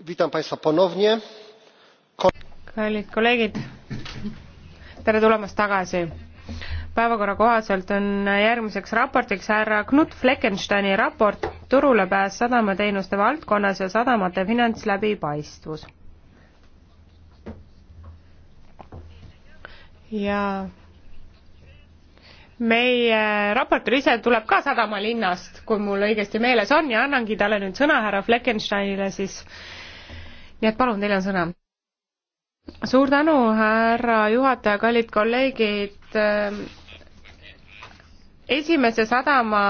witam państwa ponownie. kallid kolleegid tere tulemast tagasi. päevakorra kohaselt on järgmiseks raportiks härra Knut Fleckensteini raport turulepääs sadamateenuste valdkonnas ja sadamate finantsläbipaistvus. ja meie raportöör ise tuleb ka sadamalinnast, kui mul õigesti meeles on ja annangi talle nüüd sõna härra Fleckensteinile siis äh, nii et palun, teil on sõna. suur tänu, härra juhataja, kallid kolleegid esimese sadama